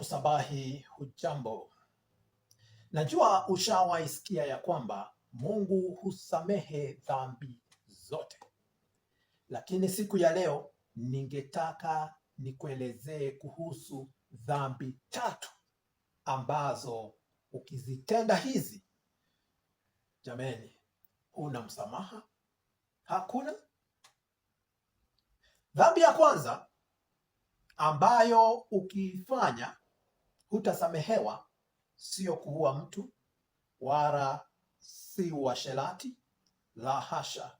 kusabahi. Hujambo, najua ushawaisikia ya kwamba Mungu husamehe dhambi zote, lakini siku ya leo ningetaka nikuelezee kuhusu dhambi tatu ambazo ukizitenda hizi, jameni, huna msamaha, hakuna. Dhambi ya kwanza ambayo ukiifanya hutasamehewa sio kuua mtu wala si uasherati, la hasha,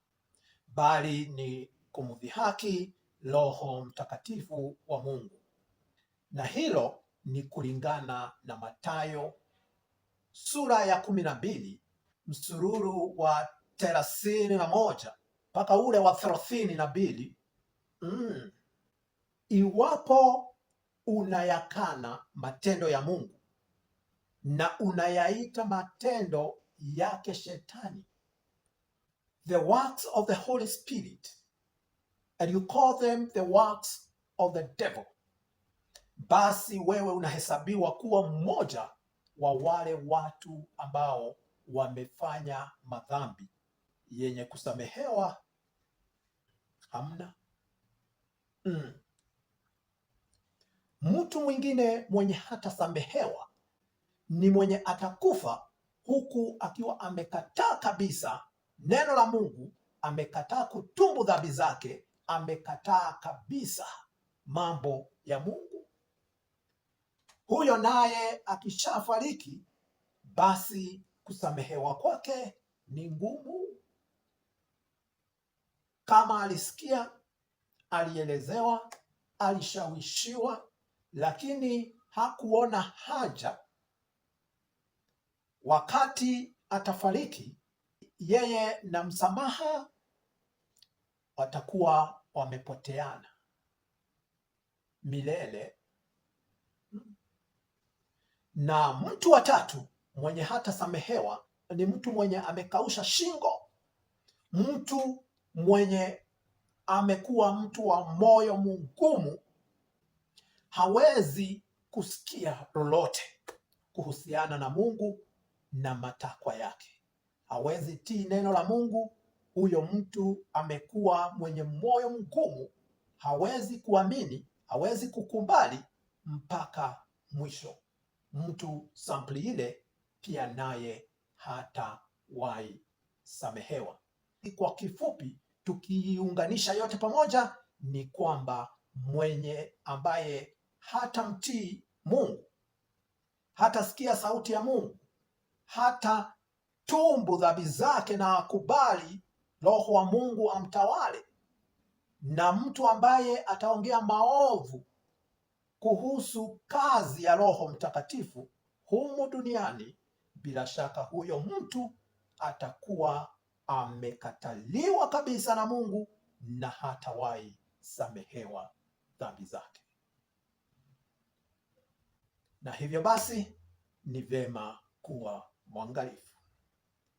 bali ni kumdhihaki Roho Mtakatifu wa Mungu, na hilo ni kulingana na Mathayo sura ya kumi na mbili msururu wa thelathini na moja mpaka ule wa thelathini na mbili. Mm. Iwapo unayakana matendo ya Mungu na unayaita matendo yake shetani, the works of the Holy Spirit and you call them the works of the devil, basi wewe unahesabiwa kuwa mmoja wa wale watu ambao wamefanya madhambi yenye kusamehewa hamna. Mm. Mtu mwingine mwenye hatasamehewa ni mwenye atakufa huku akiwa amekataa kabisa neno la Mungu, amekataa kutubu dhambi zake, amekataa kabisa mambo ya Mungu. Huyo naye akishafariki, basi kusamehewa kwake ni ngumu. Kama alisikia, alielezewa, alishawishiwa lakini hakuona haja wakati atafariki, yeye na msamaha watakuwa wamepoteana milele. Na mtu wa tatu mwenye hatasamehewa ni mtu mwenye amekausha shingo, mtu mwenye amekuwa mtu wa moyo mgumu hawezi kusikia lolote kuhusiana na Mungu na matakwa yake, hawezi tii neno la Mungu. Huyo mtu amekuwa mwenye moyo mgumu, hawezi kuamini, hawezi kukubali mpaka mwisho. Mtu sampli ile pia naye hata wai samehewa. Kwa kifupi, tukiiunganisha yote pamoja, ni kwamba mwenye ambaye hata mtii Mungu, hata sikia sauti ya Mungu, hata tumbu dhambi zake na akubali Roho wa Mungu amtawale. Na mtu ambaye ataongea maovu kuhusu kazi ya Roho Mtakatifu humu duniani, bila shaka huyo mtu atakuwa amekataliwa kabisa na Mungu na hatawahi samehewa dhambi zake na hivyo basi ni vyema kuwa mwangalifu,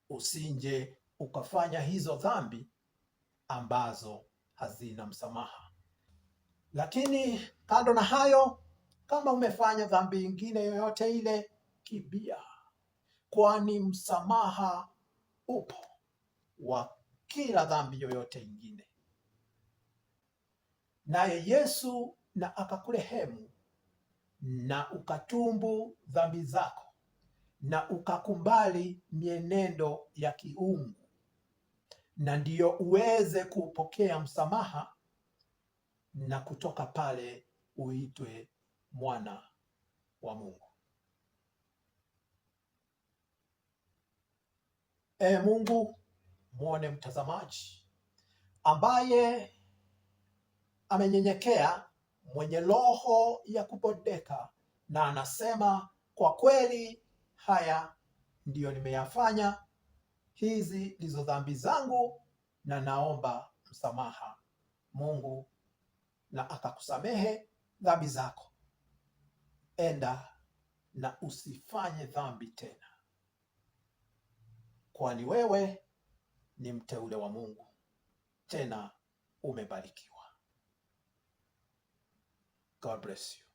usinje ukafanya hizo dhambi ambazo hazina msamaha. Lakini kando na hayo, kama umefanya dhambi nyingine yoyote ile, kibia, kwani msamaha upo wa kila dhambi yoyote ingine, naye Yesu na akakurehemu na ukatumbu dhambi zako na ukakubali mienendo ya kiungu, na ndiyo uweze kupokea msamaha na kutoka pale uitwe mwana wa Mungu. E Mungu, mwone mtazamaji ambaye amenyenyekea mwenye roho ya kupondeka, na anasema kwa kweli, haya ndiyo nimeyafanya, hizi ndizo dhambi zangu, na naomba msamaha Mungu na akakusamehe dhambi zako. Enda na usifanye dhambi tena, kwani wewe ni mteule wa Mungu, tena umebarikiwa. God bless you.